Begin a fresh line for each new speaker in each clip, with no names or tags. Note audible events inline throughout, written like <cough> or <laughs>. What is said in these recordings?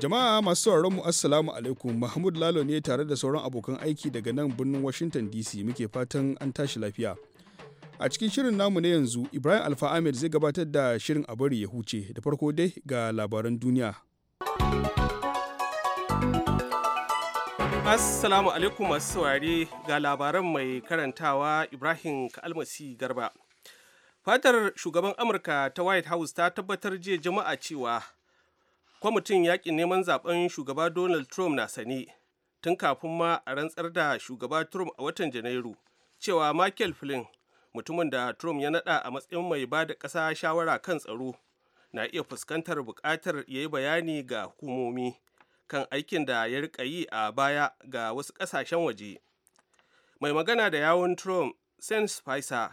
Jama'a masu sauraron mu Assalamu alaikum Mahmud Lalo ne tare da sauran abokan aiki daga nan birnin Washington DC muke fatan an tashi lafiya. A cikin shirin namu na yanzu Ibrahim Alfa Ahmed zai gabatar da shirin a bari ya huce da farko dai ga labaran duniya.
Assalamu alaikum masu saurare ga labaran mai karantawa Ibrahim Kalmasi Garba. Fatar shugaban Amurka ta White House ta tabbatar jiya jama'a cewa kwamitin yakin neman zaben shugaba donald trump na sane tun kafin ma a rantsar da shugaba trump a watan janairu cewa michael flynn mutumin da trump ya nada a matsayin mai ba da ƙasa shawara kan tsaro na iya fuskantar buƙatar ya yi bayani ga hukumomi kan aikin da ya rika yi a baya ga wasu ƙasashen waje mai magana da yawon trump sen spicer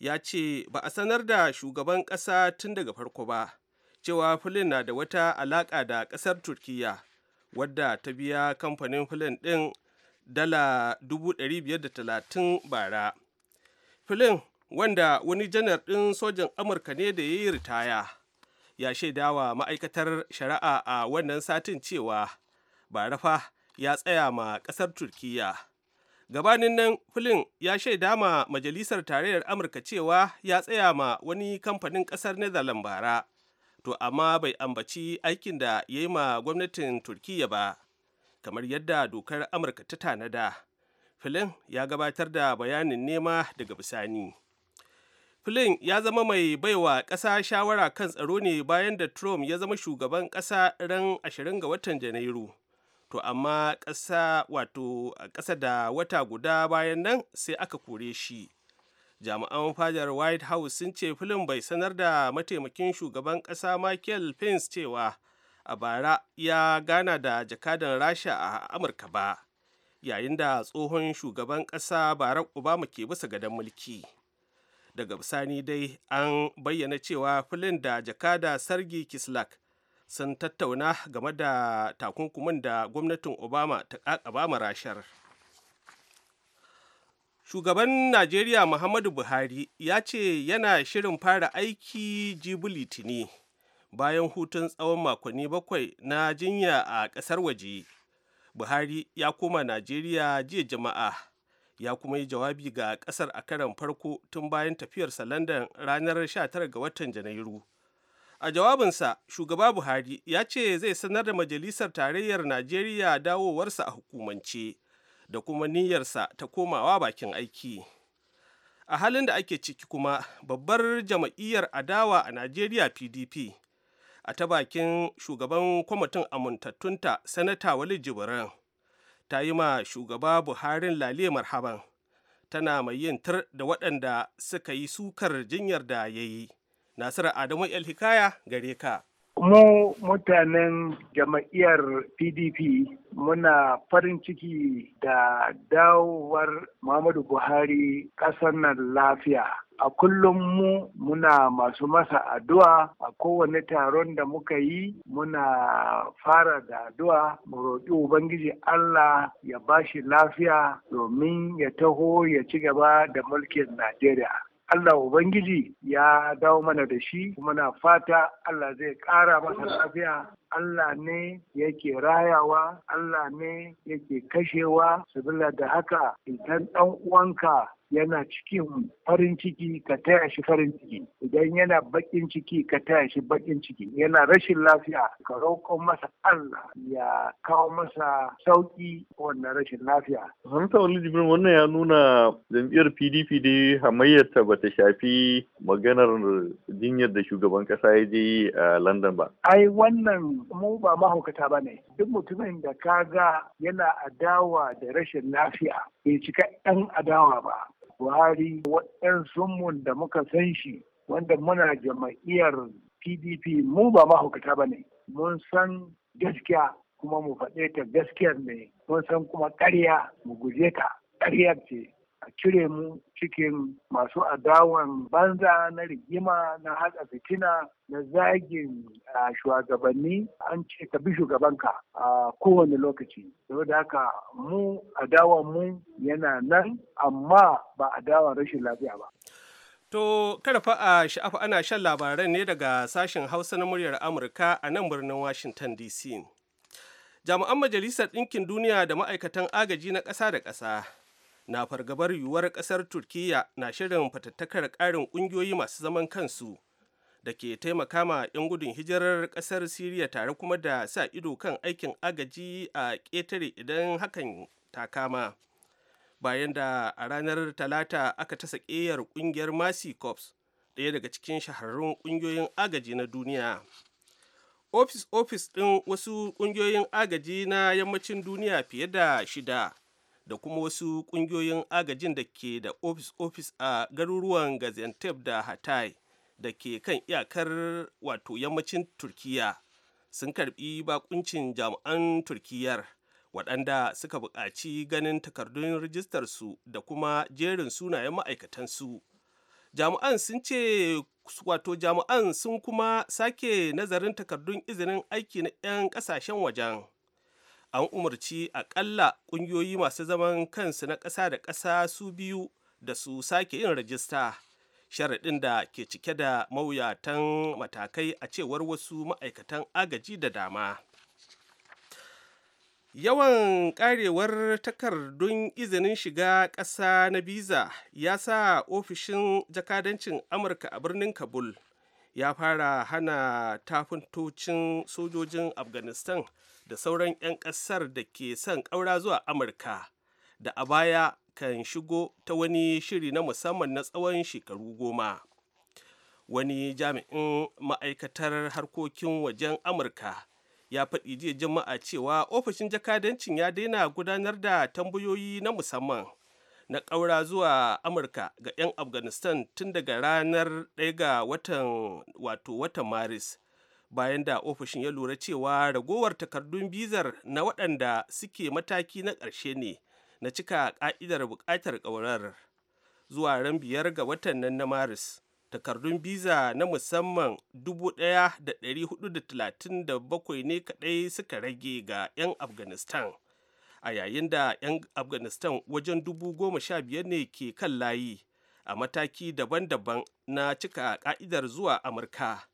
ya ce ba a sanar da shugaban ƙasa tun daga farko ba cewa filin na da wata alaƙa da ƙasar turkiya wadda ta biya kamfanin filin ɗin dala 530 bara filin wanda wani janar ɗin sojan amurka ne da ya yi ritaya ya shaidawa ma'aikatar shari'a a wannan satin cewa barafa ya tsaya ma ƙasar turkiya gabanin nan filin ya shaida ma majalisar tarayyar amurka cewa ya tsaya ma wani kamfanin ƙasar netherlands bara to amma bai ambaci aikin da ya yi ma gwamnatin turkiyya ba kamar yadda dokar amurka ta tanada filin ya gabatar da bayanin nema daga bisani filin ya zama mai baiwa ƙasa shawara kan tsaro ne bayan da trump ya zama shugaban ƙasa ran 20 ga watan janairu to amma ƙasa wato ƙasa da wata guda bayan nan sai aka kore shi jami'an fadar white house sun ce filin bai sanar da mataimakin shugaban ƙasa michael pence cewa a bara ya gana da jakadan rasha a amurka ba yayin da tsohon shugaban ƙasa barack obama ke bisa gadon mulki daga bisani dai an bayyana cewa filin da jakada sargi kislak sun tattauna game da takunkumin da gwamnatin obama ta ƙaƙabama rashar shugaban najeriya muhammadu buhari ya ce yana shirin fara aiki jibi litini bayan hutun tsawon makonni bakwai na jinya a ƙasar waje buhari ya koma najeriya jiya jama'a ya kuma yi jawabi ga ƙasar a karan farko tun bayan tafiyarsa london ranar 19 ga watan janairu a jawabinsa shugaba buhari ya ce zai sanar da majalisar tarayyar najeriya dawowarsa a hukumance da kuma niyyarsa ta komawa bakin aiki a halin da ake ciki kuma babbar jama'iyyar adawa a najeriya pdp a ta bakin shugaban kwamitin amintattunta sanata wali jibirin ta yi ma shugaba buharin lale marhaban tana mai yin tur da waɗanda suka yi sukar jinyar da ya yi nasiru adamu el hikaya gare ka
mu mutanen jama'iyyar pdp muna farin ciki da dawowar muhammadu buhari ƙasar nan lafiya a kullum mu muna masu masa addu'a a kowane taron da muka yi muna fara da addu'a mu roƙi ubangiji allah ya bashi lafiya domin ya taho ya ci gaba da mulkin najeriya Allah Ubangiji ya dawo mana da shi kuma na fata Allah zai ƙara masa lafiya Allah ne yake rayawa Allah ne yake kashewa sabila da haka idan ɗan uwanka yana cikin farin ciki ka taya shi farin ciki idan yana bakin ciki ka taya shi bakin ciki yana rashin lafiya ka roƙon masa Allah ya kawo masa sauki wannan rashin lafiya. Hamsa wani jibin wannan ya nuna jam'iyyar PDP dai hamayyar ta bata shafi maganar jinyar da shugaban kasa ya je a London ba. Ai wannan mu ba mahaukata ba ne duk mutumin da ka ga yana adawa da rashin lafiya bai cika ɗan adawa ba. buhari sunmun da muka san shi wanda muna jama'iyyar pdp mu ba mahaukata ba ne mun san gaskiya kuma mu faɗe ta gaskiyar ne mun san kuma ƙarya mu guje ta ƙaryar ce a cire mu cikin masu adawan banza na rigima na haɗa fitina na zagin shugabanni an ce ka bi shugabanka a kowane lokaci saboda haka mu adawan mu yana nan amma ba adawan rashin lafiya ba
To kada fa a sha'afa ana shan labaran ne daga sashen Hausa na muryar Amurka a nan birnin Washington DC. Jami'an Majalisar Ɗinkin Duniya da ma'aikatan agaji na ƙasa da ƙasa na fargabar yiwuwar kasar turkiya na shirin fatattakar karin kungiyoyi masu zaman kansu da ke taimaka ma 'yan gudun hijirar kasar siriya tare kuma da sa ido kan aikin agaji a ƙetare idan hakan ta kama bayan da a ranar talata aka ta sakeyar kungiyar masi cops ɗaya daga cikin shahararrun kungiyoyin agaji na duniya ofis ofis ɗin wasu kungiyoyin agaji na yammacin duniya fiye da shida da kuma wasu ƙungiyoyin agajin da ke da ofis-ofis a garuruwan gaziantep da hatay da ke kan iyakar wato yammacin turkiya sun karbi bakuncin jami'an turkiyar waɗanda suka buƙaci ganin takardun rijistarsu da kuma jerin sunayen ma'aikatansu jami'an sun ce wato jami'an sun kuma sake nazarin takardun izinin aiki na 'yan ƙasashen wajen an umarci akalla ƙungiyoyi masu zaman kansu na ƙasa da ƙasa su biyu da su sake yin rajista sharaɗin da ke cike da mawuyatan matakai a cewar wasu ma'aikatan agaji da dama yawan karewar takardun izinin shiga ƙasa na biza ya sa ofishin jakadancin amurka a birnin kabul ya fara hana tafintocin sojojin afghanistan da sauran 'yan ƙasar da ke son ƙaura zuwa amurka da a baya kan shigo ta wani shiri na musamman na tsawon shekaru goma wani jami'in ma'aikatar harkokin wajen amurka ya faɗi jiya juma'a cewa ofishin jakadancin ya daina gudanar da tambayoyi na musamman na ƙaura zuwa amurka ga 'yan afghanistan tun daga ranar 1 ga wato watan maris bayan da ofishin ya lura cewa ragowar takardun bizar na waɗanda suke mataki na ƙarshe ne na cika ƙa'idar buƙatar ƙaurar zuwa ran biyar ga watan nan na maris takardun biza na musamman 1,437 ne kaɗai suka rage ga 'yan afghanistan a yayin da 'yan afghanistan wajen 15,000 ne ke kan layi a mataki daban-daban na cika ka'idar zuwa amurka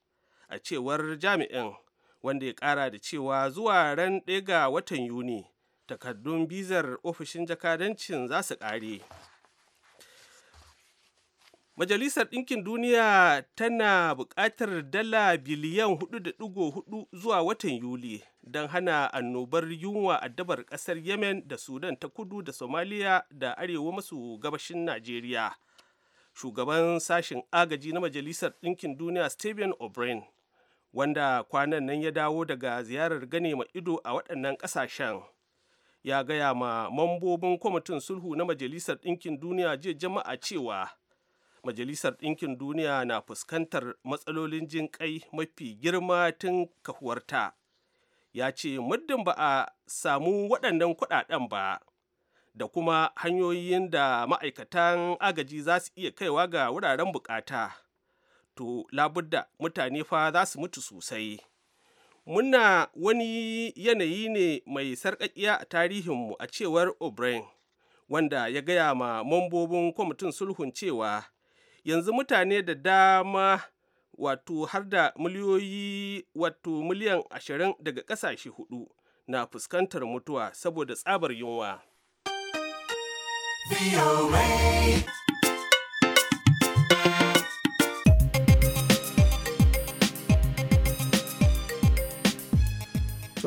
a cewar jami'in wanda ya kara da cewa zuwa ran ɗaya ga watan yuni takardun bizar ofishin jakadancin za su kare. majalisar ɗinkin duniya tana buƙatar dala biliyan 4.4 zuwa watan yuli don hana annobar yunwa addabar ƙasar yemen da sudan ta kudu da somaliya da arewa masu gabashin najeriya shugaban sashen agaji na majalisar ɗinkin duniya stephen o'brien wanda kwanan nan ya dawo daga ziyarar gane ma ido a waɗannan ƙasashen ya gaya ma mambobin kwamitin sulhu na majalisar ɗinkin duniya jiya jama'a cewa majalisar ɗinkin duniya na fuskantar matsalolin jin kai mafi girma tun kahuwarta ya ce muddin ba a samu waɗannan kuɗaɗen ba da kuma hanyoyin da ma'aikatan agaji za su iya kaiwa ga wuraren bukata. to labudda mutane fa za su mutu sosai muna wani yanayi ne mai sarƙaƙiya a tarihinmu a cewar o'brien wanda ya gaya ma mambobin kwamitin sulhun cewa yanzu mutane da dama wato har da miliyoyi wato miliyan ashirin daga ƙasashe hudu na fuskantar mutuwa saboda tsabar yunwa.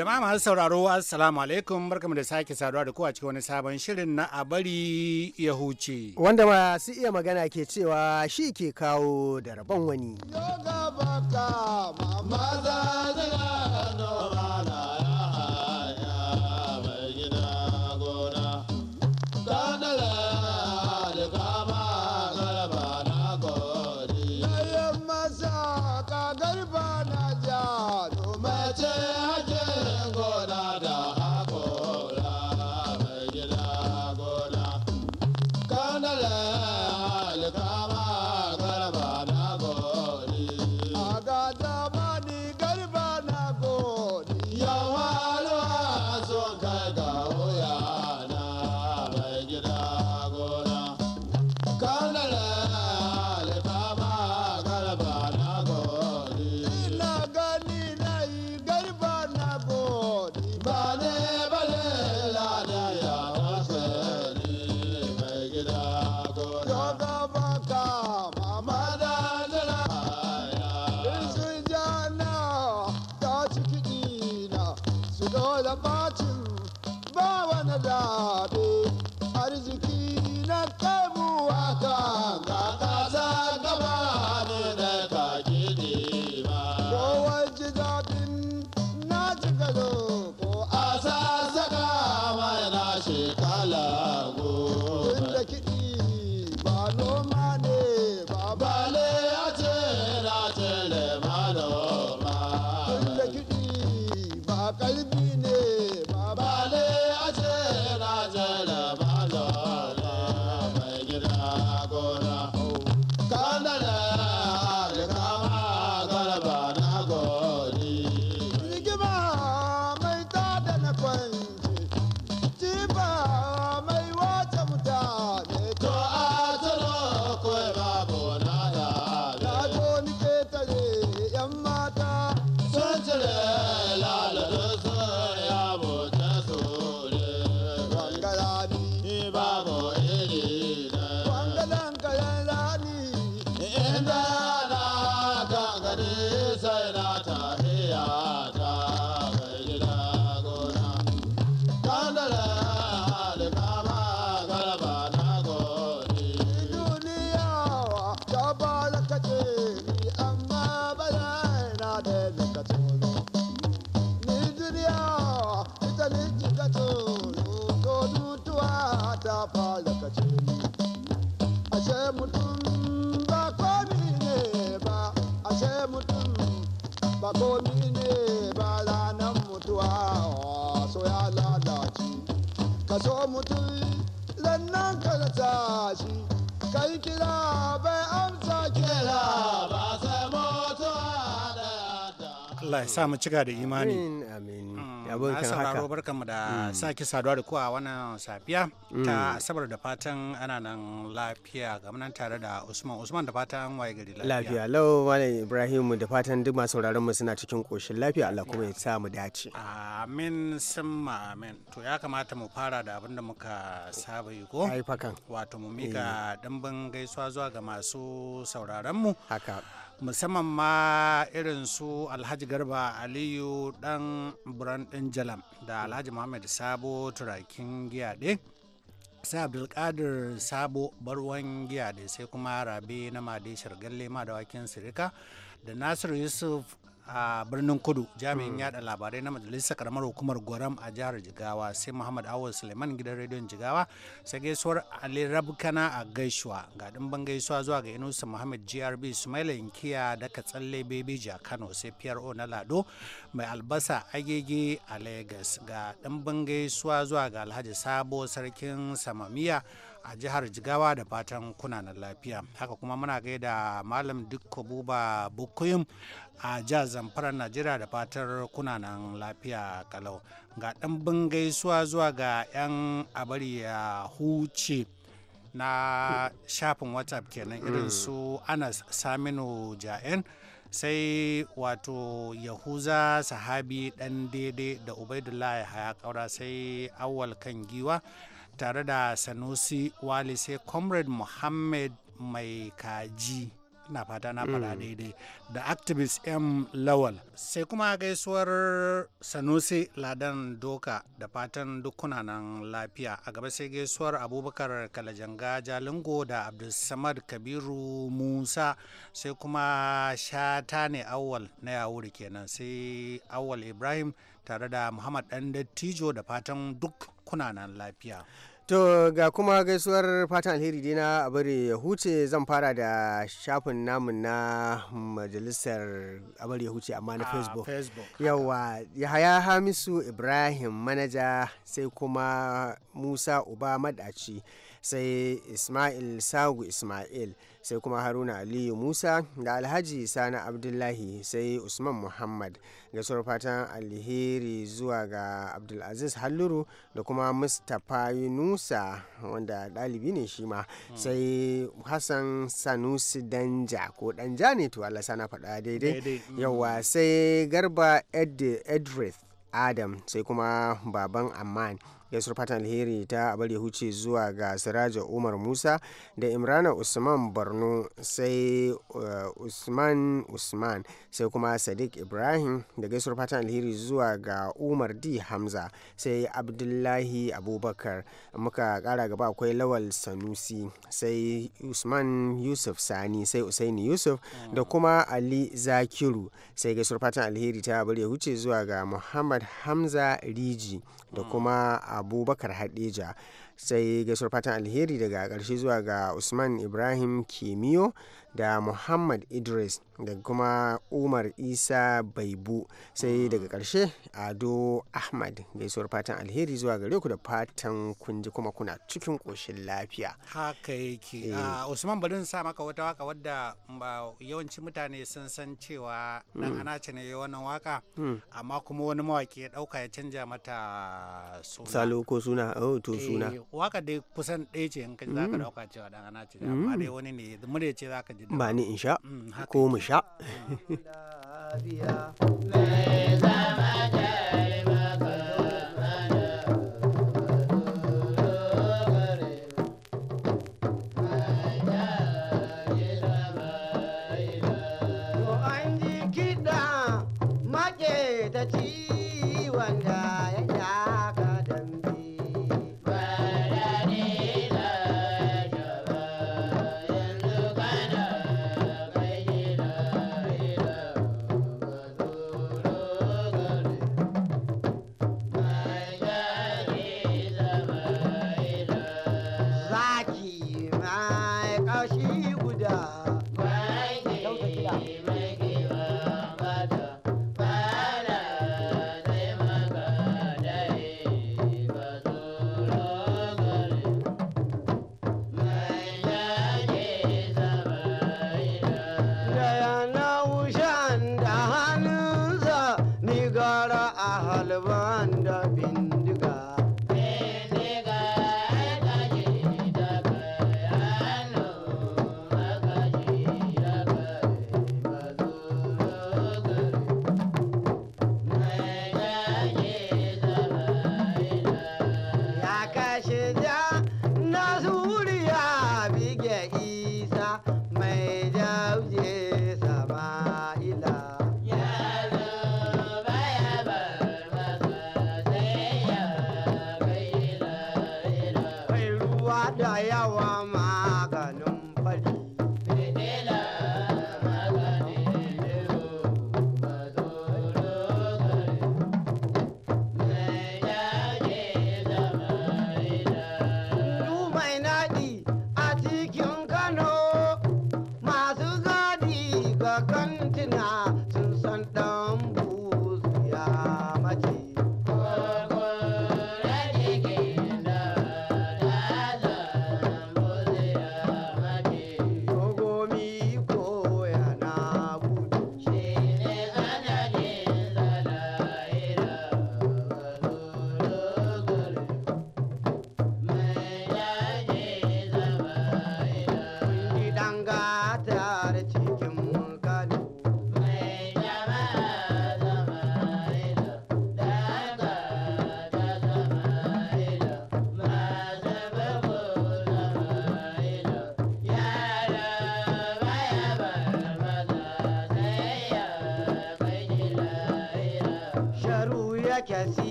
Jama'a masu sauraro Assalamu alaikum barkamu da sake saduwa da ku cikin wani sabon shirin na a bari ya huce.
Wanda ma su iya magana ke cewa shi ke kawo da rabon wani.
Yoga baka maza. ka zo mutum zannan ka da shi kai kira bai amsa kira ba sai mutuwa
da Allah ya sa mu cika da imani amin amin abin kan barkanmu da mm. sake saduwa da ku a wannan safiya mm. ta asabar da fatan ana nan lafiya ga nan tare da Usman Usman da fatan waye gari
lafiya lafiya lau malam Ibrahim da fatan duk masu sauraron mu suna cikin koshin lafiya Allah kuma ya sa mu dace
amin summa amin to ya kamata mu fara da abin da muka saba yi
ko ai fakan
wato mu mika dimbin eh. gaisuwa zuwa ga masu sauraron
mu haka
musamman ma irin su alhaji garba aliyu dan buran din jalam da alhaji muhammad sabo turakin giyade sai abdulkadir sabo barwan giyade sai kuma rabe na made gallema ma da wakin sirika da nasiru yusuf a birnin kudu jami'in hmm. yada labarai na majalisar karamar hukumar goram a jihar jigawa sai muhammad awul suleiman gidan rediyon jigawa sai gaisuwar ali rabkana a gaisuwa ga dimban gaisuwa zuwa ga inusa muhammad grb sumaila inkiya da katsalle bebeji ja kano sai pro na lado mai albasa agege a lagos ga ɗan gaisuwa zuwa ga alhaji sabo sarkin samamiya a jihar jigawa da fatan kunanan lafiya haka kuma muna gaida malam dukko buba bukuyum a jihar zamfara najeriya da fatar kunanan lafiya kalau ga ɗan gaisuwa zuwa ga 'yan abari ya huce na shafin whatsapp kenan irin mm. su anas saminu ja'en sai wato yahuza sahabi dan daidai da ubaidullahi haya kaura sai awwal kan giwa tare da sanusi wali sai comrade muhammad mai kaji na fata na fara mm. daidai da activist m lawal sai kuma gaisuwar sanusi ladan doka da fatan dukkuna nan lafiya a gaba sai gaisuwar abubakar kalajanga jalingo da abdulsamad kabiru musa sai kuma shata ne awal na yawuri kenan sai awal ibrahim tare da muhammad dan dattijo da fatan duk kuna nan lafiya
To ga kuma gaisuwar fatan alheri dai na a ya huce zan fara da shafin namun na majalisar a bari ya huce amma na Facebook. Yawa Yahaya Hamisu Ibrahim manaja sai kuma Musa Uba madaci. sai ismail sagu ismail sai kuma haruna aliyu musa da alhaji sani abdullahi sai usman muhammad gaisuwar fatan alheri zuwa ga abdulaziz halluru da kuma mustapha yunusa wanda dalibi ne shi ma sai hassan sanusi danja ko danja ne to allah sana faɗa daidai mm. yawa sai garba edrith adam sai kuma baban amman gaisuwar fatan alheri ta abar huce zuwa ga siraja umar musa da imrana usman borno sai eh, usman usman sai kuma sadiq ibrahim da gaisuwar fatan alheri zuwa ga umar d hamza sai abdullahi abubakar muka kara gaba akwai lawal sanusi sai usman yusuf sani sai usaini yusuf da kuma ali zakiru sai gaisuwar fatan alheri ta abar huce zuwa ga muhammad hamza riji da kuma abubakar hadeja sai gaisuwar fatan alheri daga karshe zuwa ga usman ibrahim kimiyo da muhammad idris da kuma umar isa baibu sai daga karshe ado ahmad gaisuwar fatan alheri zuwa gare ku da fatan Kunji kuma kuna cikin koshin lafiya haka yake eh. ah,
usman bari sa maka wata waka wadda yawancin mutane sun san cewa dan mm. anace ne wannan waka mm. amma kuma wani mawaki ya dauka ya canja mata suna salo
ko suna oh to suna eh,
waka dai kusan ɗaya ce in ka za ka dauka mm. cewa dan anace amma dai wani ne mure ce za ka
ba ni in sha mm, ko mu sha. Mm. <laughs>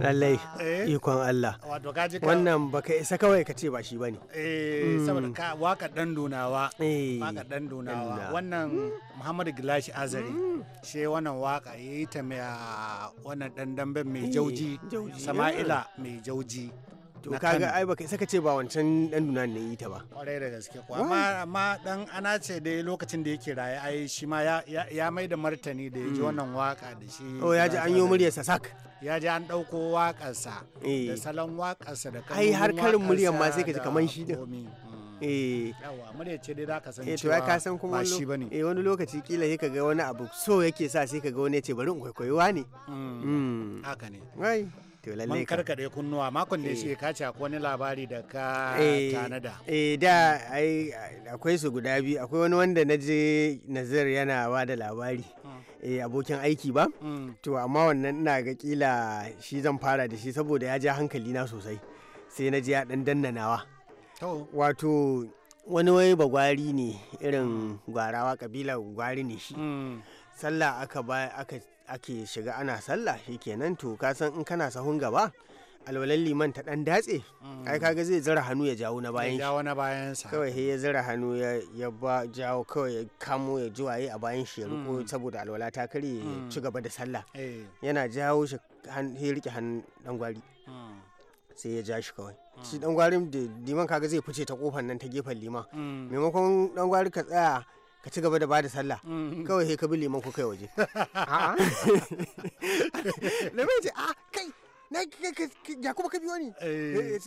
lallai eh? ikon Allah wannan baka isa kawai ka ce ba shi ba ne
waka dan donawa wannan hmm. Muhammadu Gilashi Azari hmm. she wannan waka yi ta mai wannan dan
eh, ah. mai jauji Sama'ila mai jauji to kaga ai baka saka ce ba wancan dan dunan ne yi ta ba
kwarai da gaske ko amma
amma dan ana ce dai lokacin da yake
raye ai shi ma ya ya mai da martani da ya ji hmm. wannan waka da shi oh ya ji an yi muryarsa sak ya ji an dauko wakarsa eh. da salon wakarsa da kai har karin muryar ma sai ka ji kaman
shi din hmm. eh
yawa murya ce dai zaka san eh, cewa ka san kuma shi
bane eh wani lokaci kila sai kaga wani abu so yake sa sai kaga wani ya ce bari in kwaikwayo ne mm haka ne wai to lalle man karkade
kunnuwa makon da shi eh. ka ci wani labari da ka eh, tanada
eh da ai akwai su guda biyu akwai wani wanda na je nazir yana ba da labari hmm. eh abokin aiki ba hmm. to amma wannan ina ga kila shi zan fara da shi saboda ya ja hankali na sosai sai na ji ya dan dannanawa wato wani wai bagwari ne irin gwarawa kabila gwari ne shi hmm. sallah aka ba aka ake shiga ana sallah shikenan to ka san in kana sahun gaba alwalan liman ta dan datse mm. ai kaga zai zira hannu ya jawo na bayan jawo na bayan sa kawai ya zira hannu ya ya ba jawo kawai ya kamo ya juwaye a bayan shi ya riko mm. saboda alwala ta kare ya mm. ci gaba da sallah eh. yana jawo shi ya rike hannun dan gwari sai ya ja shi kawai shi dan gwarin da liman kaga zai fice ta kofar nan ta gefen liman maimakon dan gwari ka tsaya ka ci gaba da bada sallah mm-hmm. kawai sai ka bi liman ku kai waje a a ce a ah, kai na ya kuma ka biyo ni eh.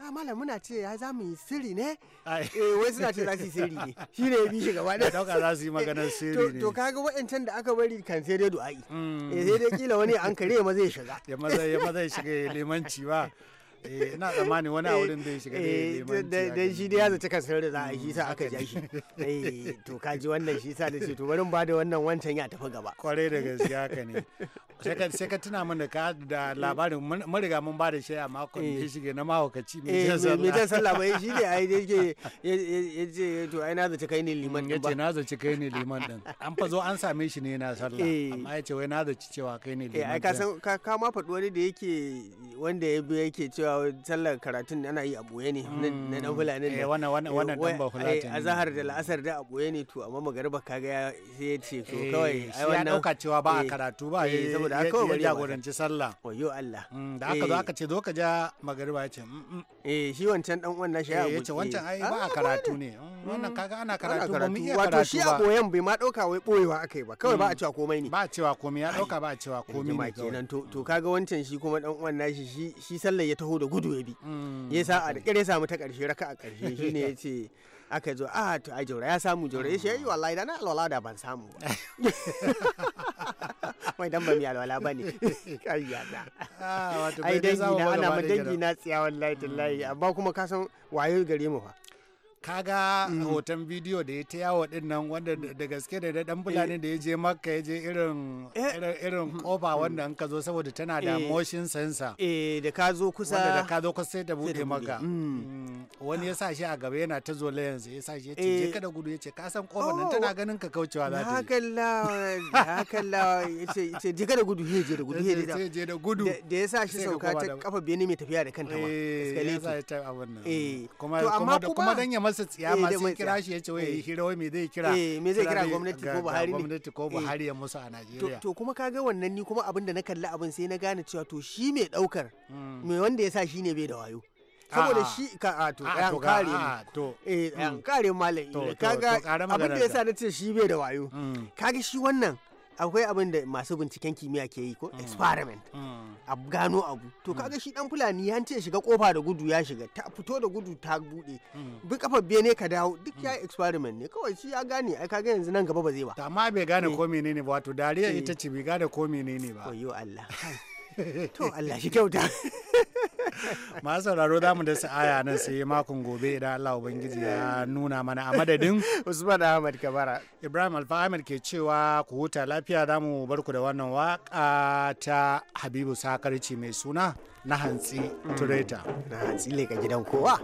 a ah, malam muna ce ya za mu yi sirri ne eh, wai suna ce za su yi sirri ne shi ne ya bi shi gaba da dauka za su yi maganar <laughs> sirri ne to kaga waɗancan da aka bari kan sai dai du'a'i mm. eh, sai dai kila wani an kare ya maza ya shiga
ya maza ya shiga limanci ba <laughs> eh ina tsammani wani auren eh, bai shiga eh, da dan
shi dai ya zaci kasar da za a shi sa aka ja shi <laughs> eh to kaji wannan shi sa da ce to bari ba da wannan wancan ya tafi gaba kwarai da gaske haka ne sai ka tuna
mun da ka da labarin mun riga mun ba da shi a makon da eh. shige na mahaukaci mai jan sallah mai jan sallah bai shi
ne ai <laughs> ya ce to ai na zaci kai ne liman din ba yace na
zaci kai ne liman din an fa zo an same shi ne na
sallah amma yace wai na zaci cewa kai ne liman din eh ai ka san ka ma faɗi wani da yake wanda ya yake cewa cewa sallar karatun ana yi a boye ne na dan hmm. fulani ne eh, wannan dan ba fulani eh, a zahar da la'asar da a boye ne to amma ka kaga ya sai ce to eh, kawai ai wannan ya dauka cewa ba a karatu ba eh saboda haka kawai bari jagoranci sallah wayo Allah hmm, da aka zo aka ce zo ka ja magarba ya ce mm, mm. eh shi wancan dan uwan shi ya ce wancan ai ba ah, a karatu ne hmm, wannan
kaga ana karatu ba mu iya karatu wato shi a boyen
bai ma dauka wai boyewa akai ba kawai ba a cewa komai ne ba a cewa komai ya dauka ba a cewa komai ne kenan to kaga wancan shi kuma dan uwan shi shi sallar ya taho da gudu ya bi mm. ya sa a da ya samu ta karshe raka a karshe <laughs> ne ya ce aka zo a ah, to a jaura ya samu jaura ya shi wallahi da na alwala da ban samu ba mai <laughs> dan ba alwala ba ne <laughs> ah, ai dangi na ana ma dangi na mm. amma kuma ka san gare mu fa
kaga mm. hoton bidiyo da ya ta yawo din nan wanda da gaske da da dan bulani eh. da ya je makka ya je irin eh. irin kofa mm-hmm. mm-hmm. wanda an ka zo saboda tana da eh. motion sensor eh da ka zo kusa wanda da ka zo kusa sai ta bude maka mm. Mm. wani ya sa shi a gaba yana ta layan yanzu ya sa shi ya ce je kada gudu ya ce ka san kofar nan oh. tana ganin ka kaucewa za ta yi
hakalla hakalla ya ce ya ce je kada gudu ya je da gudu ya je da gudu da ya sa shi sauka ta kafa bene mai tafiya da kanta ma nan eh kuma kuma kuma dan ya masa tsiya eh, masu kira shi ya ce wai hira eh. wai me zai kira eh, me zai kira gwamnati ko Buhari ne gwamnati
ko Buhari ya musu a Najeriya to
kuma kaga wannan ni kuma abin da na kalli abin sai na gane cewa to shi mai daukar hmm. me wanda ya sa shi ne bai da wayo saboda shi ka a to ya kare to eh ɗayan hmm. kare malam kaga abin da yasa na ce shi bai da wayo hmm. kaga shi wannan akwai abin da masu binciken kimiyya ke yi ko mm. experiment mm. a gano abu to mm. kaga shi dan fulani ya ce shiga kofa da gudu ya shiga ta fito da gudu ta bude bi kafa biye ne ka dawo duk ya experiment ne kawai shi ya gane ai kaga yanzu nan gaba ba zai ba amma bai gane eh. ko menene ba wato dariya eh. ita ce bai gane ko menene ba oyo Allah to Allah shi kyauta
<laughs> masu sauraro za mu da sa'aya nan sai makon gobe idan Allah Ubangiji ya nuna mana a madadin Usman Ahmad Kabara Ibrahim Alfa Ahmad ke cewa ku huta lafiya za mu bar ku da wannan waka ta Habibu Sakarci mai suna na hantsi tureta na
hantsi leka gidan kowa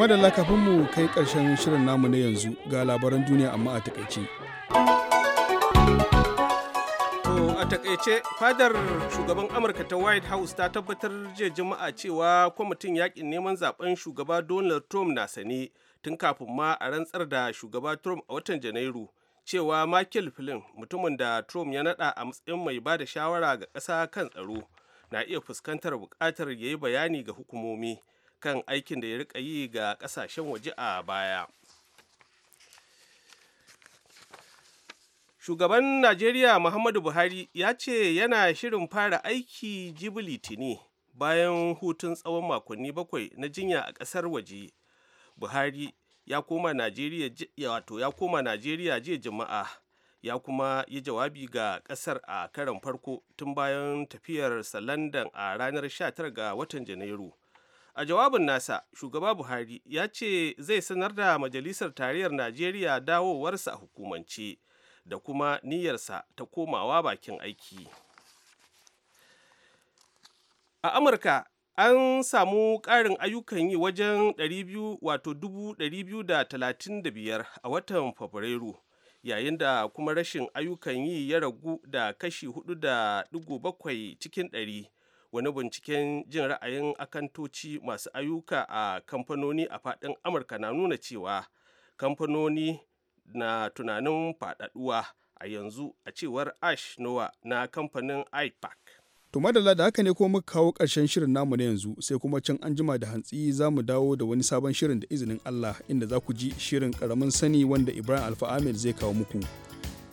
madalla kafin mu kai karshen shirin namu na yanzu ga labaran duniya amma a takaice.
a takaice fadar shugaban amurka ta white house ta tabbatar jiya juma'a cewa kwamitin yakin neman zaben shugaba donald trump na sane tun kafin ma a rantsar da shugaba trump a watan janairu cewa michael flynn mutumin da trump ya nada a matsayin mai ba da shawara ga ƙasa kan tsaro na iya fuskantar buƙatar ya yi bayani ga hukumomi kan aikin da ya rika yi ga kasashen waje a baya shugaban najeriya muhammadu buhari ya ce yana shirin fara aiki jibi litini bayan hutun tsawon makonni bakwai na jinya a ƙasar waje buhari ya koma najeriya wato ya koma najeriya jiya jama'a ya kuma yi jawabi ga kasar a karan farko tun bayan tafiyar landan a ranar 19 ga watan janairu a jawabin nasa shugaba buhari ya ce zai sanar da majalisar tarayyar najeriya dawowarsa a hukumance da kuma niyyarsa ta komawa bakin aiki a amurka an samu ƙarin ayyukan yi wajen 2,235 235 a watan fabrairu yayin da kuma rashin ayyukan yi ya ragu da kashi 4.7 cikin ɗari. wani binciken jin ra'ayin akantoci masu ayyuka a kamfanoni a faɗin amurka na nuna cewa kamfanoni na tunanin faɗaɗuwa a yanzu a cewar ash nowa na kamfanin ipac
to madalla da haka ne kuma muka kawo ƙarshen shirin namu na yanzu sai kuma can an jima da hantsi za mu dawo da wani sabon shirin da izinin allah inda za ku ji shirin ƙaramin sani wanda ibrahim alfa zai kawo muku